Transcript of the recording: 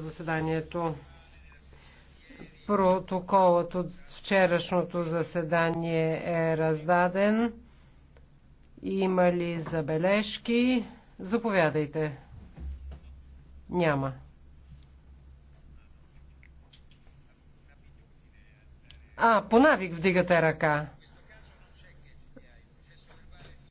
заседанието. Протоколът от вчерашното заседание е раздаден. Има ли забележки? Заповядайте. Няма. А, по навик вдигате ръка.